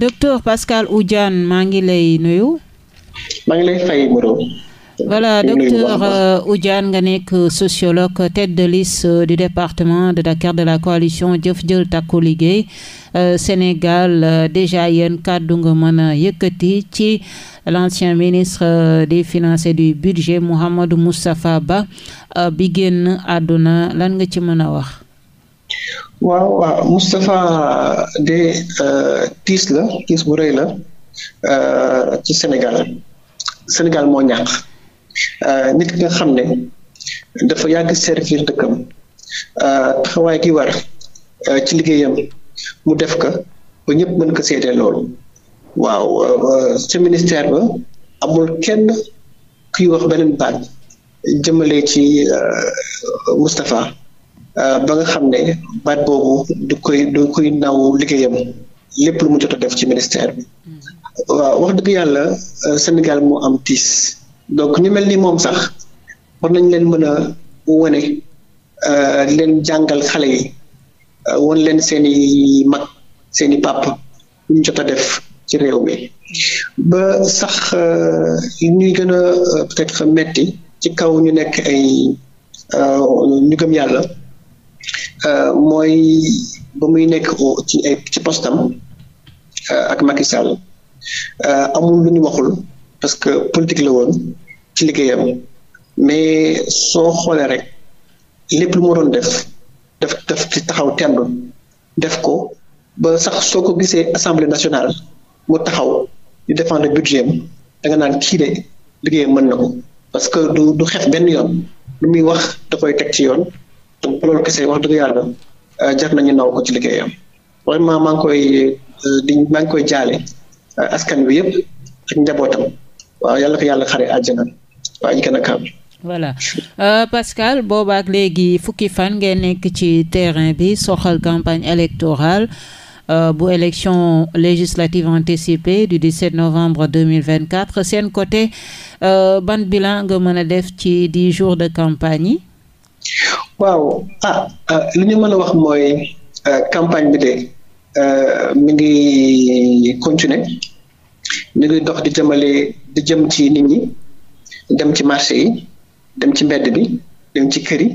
docteur Pascal Oudiane maa ngi lay nuyu. maa euh, Oudiane nga nekk sociologue tête de euh, du département de Dakar de la coalition Jëf Jël Takku Liggéey euh, Sénégal déjà yéen kàddu nga mën a yëkkati ci l'ancien ministre des finance du budget Mouhamadou Moustapha Ba bi génn àdduna lan nga ci mën a wax. waaw waaw Moustapha de euh, tiis la tiis bu rëy la euh, ci Sénégal Sénégal moo ñàkk euh, nit ki nga xam ne dafa yàgg servir dëkkam taxawaay gi war ci liggéeyam mu def ka ba ñëpp mën ko seedee loolu waaw ci ministère ba amul kenn kuy wax beneen baat jëmale ci Moustapha Euh, ba nga xam ne baat boobu du koy du koy naw liggéeyam lépp lu mu jot a def ci ministère bi hmm. waaw wax dëgg yàlla euh, Sénégal moo am tiis donc ñu mel ni moom sax war nañ leen mën a wane euh, leen jàngal xale yi wan leen seeni i mag seen i ñu jot a def ci réew mi ba sax ñuy gën a peut metti ci kaw ñu nekk ay ñu gëm yàlla Euh, mooy ba muy nekk ci ci postam euh, ak Macky Sall euh, amul lu ñu waxul parce que politique la woon ci liggéeyam mais soo xoolee rek lépp lu mu doon def def def ci taxaw temb def ko ba sax soo ko gisee assemblée nationale mu taxaw di défendre budget am da naan kii de liggéeyam mën na ko parce que du du xeex benn yoon lu muy wax da koy teg ci yoon donc loolu dëgg yàlla euh, jar nañu naw maa ngi koy euh, maa ngi euh, ak ko yàlla xare àjjana waa ji boobaak léegi fukki fan ngeen nekk ci terrain bi soxal campagne électorale euh, bu élection législative anticipée du 17 novembre 2024 seen côté euh, ban bilan nga mën a def ci di jours de campagne yi waaw ah, ah li ñu mën a wax mooy ah, campagne bi de ah, mi ngi continuer mi ngi dox di jëmale di jëm ci nit ñi dem ci marché yi dem ci mbedd bi dem ci kër yi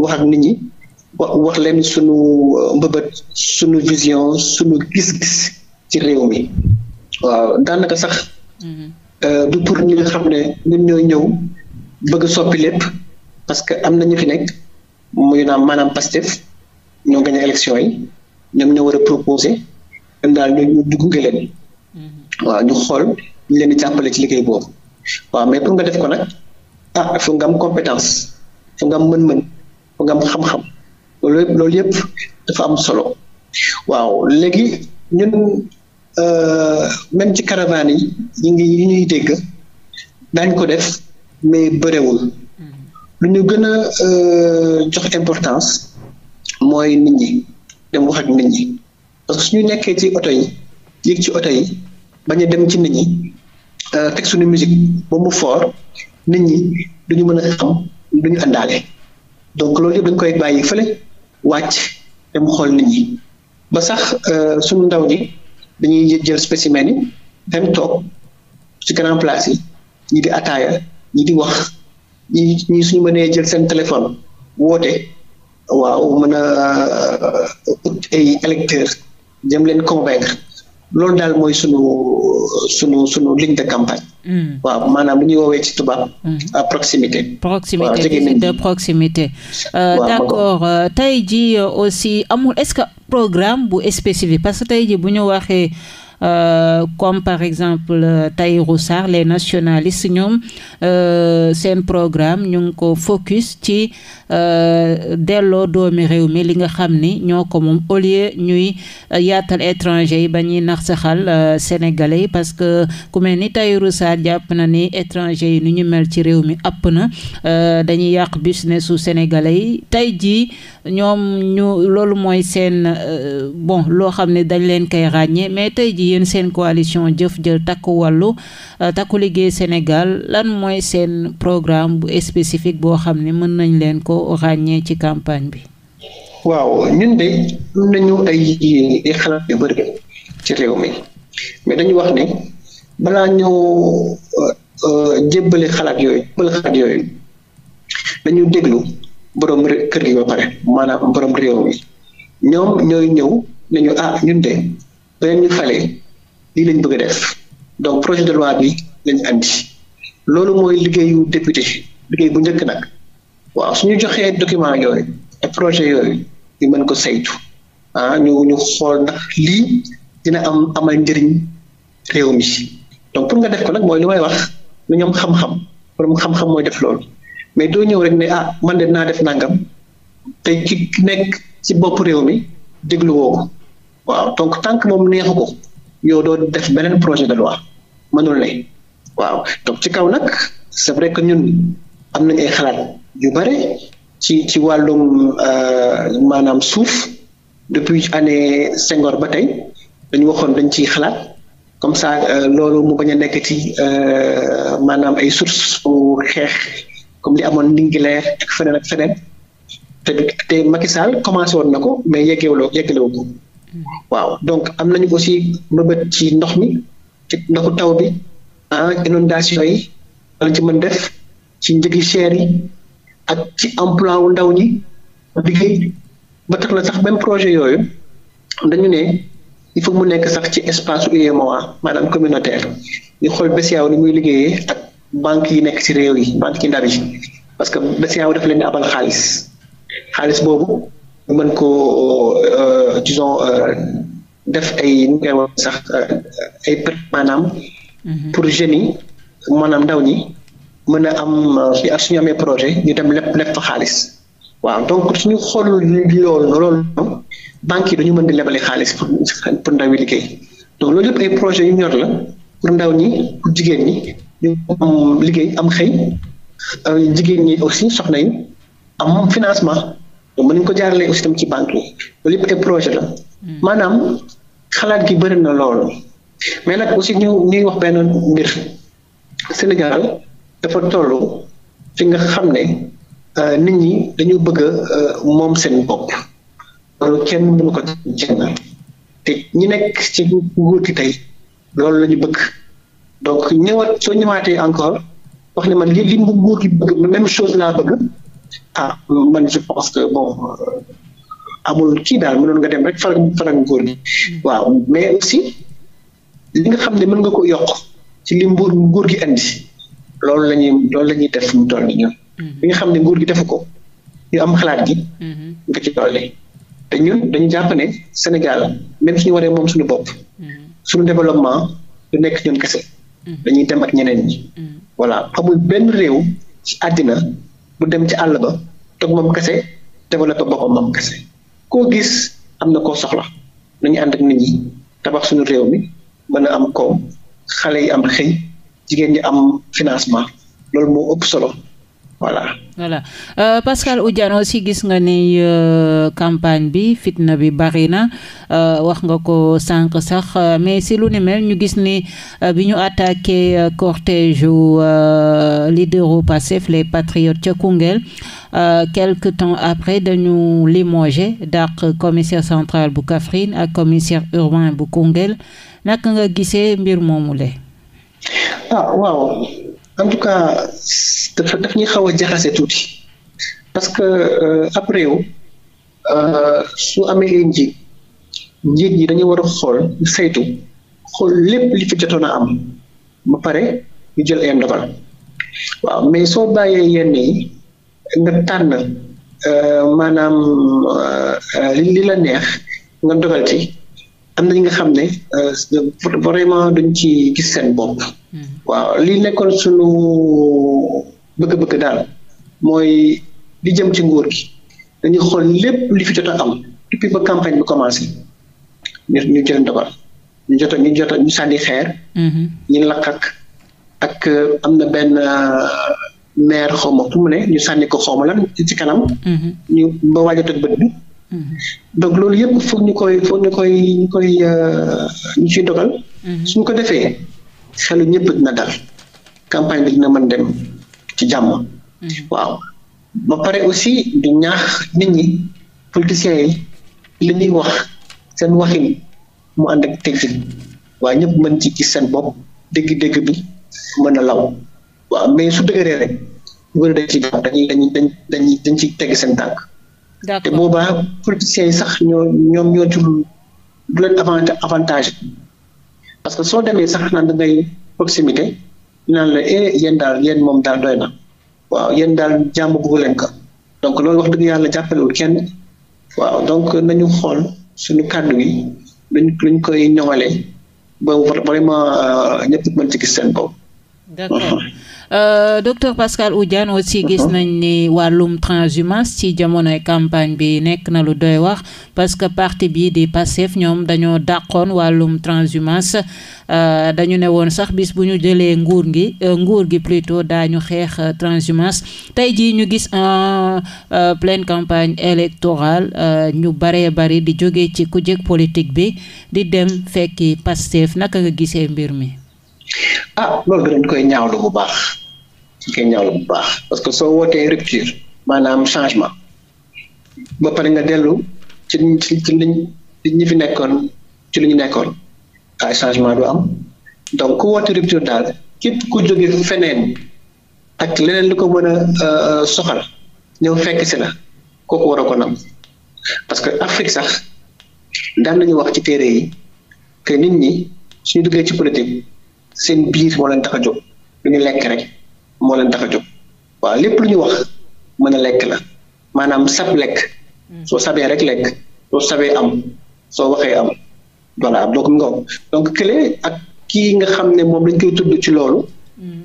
wax ak nit ñi wax wax leen sunu mbëbët sunu vision sunu gis-gis ci réew mi waaw daanaka sax. Mm-hmm. du pour ñi xam ne ñun ñooy ñëw bëgg soppi lépp parce que am na ñu fi nekk. muy naam maanaam Pastef ñoo gañ élection yi ñoom ñoo war a proposé dem daal ñu ñu gunge leen mm-hmm. waaw ñu xool ñu leen di jàppale ci liggéey boobu waaw mais pour nga def ko nag ah fu nga am compétence fu nga am mën-mën fu nga am xam-xam loolu yëpp loolu yëpp dafa am solo waaw léegi ñun euh, même ci caravane yi ñu ngi ñu ñuy dégg daañ ko def mais bërewul lu ñu gën a euh, jox importance mooy nit ñi dem wax ak nit ñi parce que su suñu nekkee ci oto yi yéeg ci oto yi bañ a dem ci nit ñi euh, teg suñu musique ba mu foor nit ñi duñu mën a xam duñu àndaale donc loolu yëpp dañ koy bàyyi fële wàcc dem xool nit ñi ba sax euh, suñu ndaw ñi dañuy jël spécimen yi dem toog ci grand place yi ñi di ataaya ñi di wax ñi ñi suñu mënee jël seen téléphone woote waaw mën a ut ay électeurs jëm leen convaincre loolu daal mooy suñu sunu sunu ligne de campagne. Hmm. waaw maanaam lu ñuy ci tubaab. Hmm. à proximité. proximité visite de proximité. Euh, d'accord euh, tey jii amul est-ce que programme bu spécifique parce que tey jii bu ñu waxee. Euh, comme par exemple euh, Tahirou Sarr les nationalistes ñoom euh, seen programme ñu ngi ko focus ci delloo doomi réew mi li nga xam ni ñoo ko moom au lieu ñuy yaatal étranger yi ba ñuy nax saxal sénégalais yi parce que ku mel ni Tahirou Sarr jàpp na ni étranger yi ni ñu mel ci réew mi ëpp na dañuy yàq business su sénégalais yi tey jii ñoom ñu loolu mooy seen bon loo xam ne dañ leen koy ràññee mais tey jii gi yéen seen coalition jëf jël takku wàllu euh, takku liggéey Sénégal lan mooy seen programme bu spécifique boo xam ne mën nañ leen ko ràññee ci campagne bi. waaw ñun de am nañu ay ay xalaat yu bëri réew mi mais wax ne balaa ñoo euh, euh, jébbale xalaat yooyu jébbale yooyu dañu déglu borom kër gi ba pare maanaam borom réew mi ñoom ñooy ñëw nañu ah ñun de. ba leen ñu lii lañ bëgg a def donc projet de loi bi lañ andi loolu mooy liggéeyu député liggéey bu njëkk nag waaw su ñu joxee document yooyu ak projet yooyu ñu mën ko saytu ah ñu ñu xool nag lii dina am amal njëriñ réew mi donc pour nga def ko nag mooy li may wax lu ñoom xam-xam borom mooy def loolu mais doo ñëw rek ne ah man de naa def nangam te ki nekk ci bopp réew mi dégluwoo ko waaw donc tant que moom neexu ko yow doo def beneen projet de loi mënul ne waaw donc ci kaw nag c'est vrai que ñun am nañ ay xalaat yu bare ci ci wàllum euh, maanaam suuf depuis année Senghor ba tey dañu waxoon dañ ciy xalaat comme ça euh, loolu mu bañ a nekk ci euh, maanaam ay source pour xeex comme li amoon Ndingler ak feneen ak feneen te te Macky commencé woon na ko mais yeggewuloo yeggalewu ko waaw donc am nañu aussi mëbët ci ndox mi ci ndoxu taw bi ah inondation yi wala ci mën def ci njëgi cher yi ak ci emploi wu ndaw ñi liggéey ba tax na sax même projet yooyu dañu ne il faut mu nekk sax ci espace UEMOA maanaam communautaire ñu xool BCEAO ne muy liggéeyee ak banque yi nekk ci réew yi banque yi ndaw yi parce que BCEAO dafa leen di abal xaalis xaalis boobu mën ko euh, disons euh, def ay nu ngay sax euh, ay pré maanaam mhm. pour jeunes yi maanaam ndaw ñi mën a am ak suñu amee projet ñu dem lépp lépp fa xaalis waaw donc suñu xool loolu loolu banque yi ñu mën di lebale xaalis pour pour ndaw yi liggéey donc loolu yëpp ay projet yu ñor la pour ndaw ñi pour jigéen ñi ñu am liggéey am xëy jigéen ñi aussi soxna yi am financement mën nañ ko jaaralee aussi tam ci banque yi loolu projet la hmm. maanaam xalaat gi bëri na loolu mais nag aussi ñu ñuy wax benn ngir Sénégal dafa toll fi nga xam ne euh, nit ñi dañu bëgg a euh, moom seen bopp loolu kenn mënu ko jenn te ñi nekk ci nguur gi tey loolu la ñu bëgg donc ñëwaat soo ñëwaatee encore wax ne man li li nguur gi bëgg même chose laa bëgg ah man je pense que bon euh, amul kii daal mënoon nga dem rek faral faral nguur gi waaw mais aussi li nga xam ne mën nga ko yokk ci li nguur nguur gi indi loolu la ñuy loolu la ñuy def mu toll ñun mm-hmm. li nga xam ne nguur gi defu ko ñu am xalaat gi mm-hmm. nga ci dolli te ñun dañu jàpp ne Sénégal même suñu waree moom suñu bopp mm-hmm. suñu développement du nekk ñun kese dañuy dem ak ñeneen ñi voilà amul benn réew ci àddina mu dem ci àll ba toog moom kese développé boppam moom kese koo gis am na koo soxla nañu ànd ak na ñi tabax suñu réew mi mën na am koom xale yi am xëy jigéen ñi am financement loolu moo ëpp solo voilà. voilà euh, Pascal Oudiane aussi gis nga ni euh, campagne bi fitna bi bari na euh, wax nga ko sànq sax euh, mais si lu ni mel ñu gis ni euh, bi ñu attaqué euh, cortège u leader u Pastef les patriotes ca Koungheul quelque temps après dañu limogé daq commissaire centrale bu Kaffrine ak commissaire urbain bu Koungheul naka nga gisee mbir moomu le ah, en tout cas dafa daf ñuy xaw a jaxase tuuti parce que euh, après yow euh, su amee ay njiit njiit yi dañu war a xool saytu xool lépp li fi jotoon a am ba pare ñu jël ay ndogal waaw mais soo bàyyee yenn ni nga tànn euh, maanaam li la neex nga dogal ci. am na ñi nga xam ne euh, vraiment duñ ci gis seen bopp. Hmm. waaw li nekkoon sunu bëgg-bëgg daal mooy li jëm ci nguur gi dañuy xool lépp li fi jot am depuis ba campagne bi commencé ñu ñu jot a ñu jot a ñu sànni xeer. Hmm. ñu lakk ak am na benn. Euh, maire xaw ma fu mu ne ñu sànni ko xaw ma lan ci kanam. Hmm. ñu ba bët Mm-hmm. donc loolu yëpp foog ñu koy foog ñu koy ñu euh, mm-hmm. suñ ko defee xelu ñëpp na dal campagne bi na man dem ci jàmm. Mm-hmm. waaw ba pare aussi di ñaax nit ñi politiciens yi li ñuy wax seen waxin mu ànd ak teggin waaye ñëpp ci gis seen bopp dégg-dégg bi mën a law waaw mais su dëgëree rek wër dañ ci jàmm dañuy dañuy dañ dañ dañ ciy tegg seen tànk. te boobaa politiciens yi sax ñoo ñoom ñoo ci du leen avantage parce que soo demee sax naan da ngay proximité naan la eh yéen daal yéen moom daal doy na waaw yéen daal jàmm bëggu leen donc loolu wax dëgg yàlla jàppalewul kenn waaw donc nañu xool suñu kàddu gi luñ luñ koy ñoŋalee ba vraiment euh, ñëpp ma ci gis seen bopp. Euh, docteur Pascal Oudiane aussi gis nañ ni wàllum transhumance ci jamonoy campagne bi nekk na lu doy wax parce que parti bii di Pastef ñoom dañoo dàqoon wàllum transhumance euh, dañu ne woon sax bis bu ñu jëlee nguur gi euh, nguur gi plutôt daañu xeex transhumance tey jii ñu gis en pleine campagne électorale ñu baree bari di jóge ci ku jëkk politique bi di dem fekki Pastef naka nga gisee mbir mi. ah loolu dañ koy ñaawlu bu baax. ñu ñaaw ñaawlu bu baax parce que soo wootee rupture maanaam changement ba pare nga dellu ci ci ci ñi fi nekkoon ci lu ñu nekkoon ay changement du am donc ku woote rupture daal képp ku jóge feneen ak leneen lu ko mën a euh, euh, soxal ñëw fekk si na ko war a ko nam parce que Afrique sax daan nañu wax ci téere yi que nit ñi suñu duggee ci politique seen biir moo leen tax a jóg lu ñu lekk rek moo leen tax a jóg waaw lépp lu ñu wax mën a lekk la maanaam sab lekk hmm. soo sabee rek lekk soo sabee am soo waxee am voilà donc nga donc kële ak kii nga xam ne moom lañ koy tudd ci loolu hmm.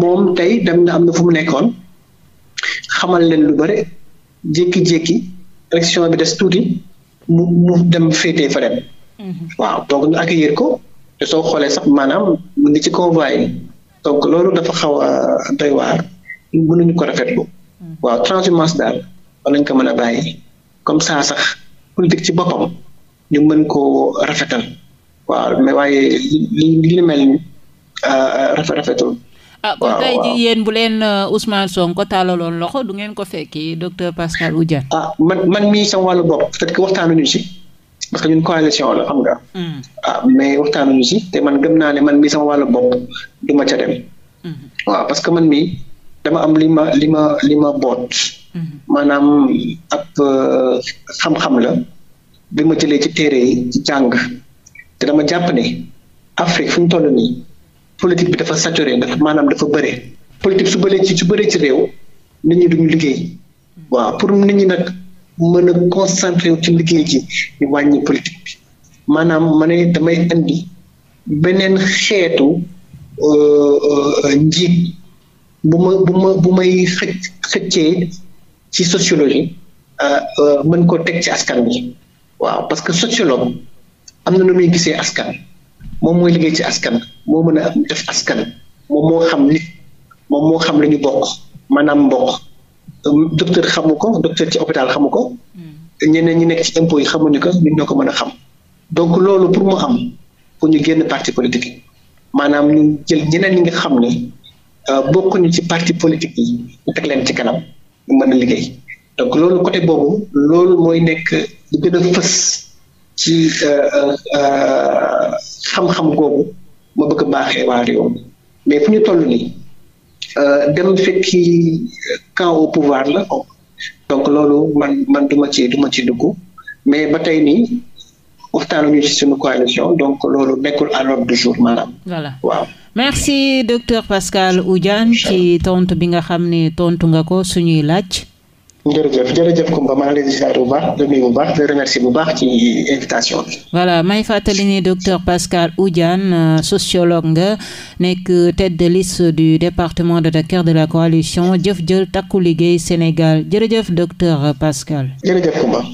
moom tey dem na am na fu mu nekkoon xamal leen lu bare jékki-jékki élection bi des tuuti mu mu dem féete fa dem hmm. waaw donc ñu accueillir ko te soo xoolee sax maanaam mu ngi ci convoi donc loolu dafa xaw a doy waar mënuñu ko rafetlu waaw transhumance daal war nañ ko mën a bàyyi comme ça sax politique ci boppam ñu mën koo rafetal waaw mais waaye li li mel ni ah, ah, rafet rafetul. a ah, kon tey jii yéen bu leen euh, Ousmane Sonko tàllaloon loxo du ngeen ko fekki docteur Pascal Oudiane. ah man man mii sama wàllu bopp peut-être que waxtaanuñu ci. parce que ñun coalition la xam nga. Mm. ah mais waxtaanuñu si te man gëm naa ne man mii sama wàllu bopp du ma ca dem. Mm-hmm. waaw parce que man mii dama am li ma li ma li ma boot. Mm-hmm. maanaam ab euh, xam-xam la bi ma jëlee ci téere yi ci jàng te dama jàpp ne Afrique fu ñu toll nii politique bi dafa saturé dafa maanaam dafa bëre. politique su bëree ci su bëree ci réew nit ñi duñu liggéey. Mm-hmm. waaw pour nit ñi nag. mën a concentré ci liggéey ji di wàññi politique bi maanaam ma ne damay andi beneen xeetu euh, euh, njiit bu ma bu bu may xëcc xëccee ci sociologie euh, mën koo teg ci askan bi waaw parce que sociologue am na nu muy gisee askan moom mooy liggéey ci askan moo mën a def askan moom moo xam nit moom moo xam lañu ñu bokk maanaam mbokk Euh, docteur xamu ko docteur ci hôpital xamu ko. Hmm. ñeneen ñi nekk ci impôt yi xamuñu ko nit ñoo ko mën a xam. donc loolu pour mu am pour ñu génn parti politique yi maanaam ñu jël ñeneen ñi ngi xam ne euh, bokkuñu ci parti politique yi ñu teg leen ci kanam ñu mën a liggéey donc loolu côté boobu loolu mooy nekk lu gën a fës ci euh, xam-xam googu ma bëgg a baaxee mais fu ñu toll nii. Euh, dem fekki camp au pouvoir la donc loolu man man du ma ci du ma ci dugg mais ba tey nii waxtaan waxtaanuñu ci suñu coalition donc loolu nekkul à l'ordre du jour maanaam. voilà waaw. merci docteur Pascal Oudiane ci tontu bi nga xam ne tontu nga ko suñuy laaj. jërëjëf jërëjëf Koumba maa ngi leen di ziar bu baax di nuyu bu baax di ci invitation voilà may fàttali ni docteur Pascal Oudiane euh, sociologue nga nekk tête de liste du département de Dakar de la coalition Jëf Jël Takku Liggéey Sénégal jërëjëf docteur Pascal. jërëjëf Koumba.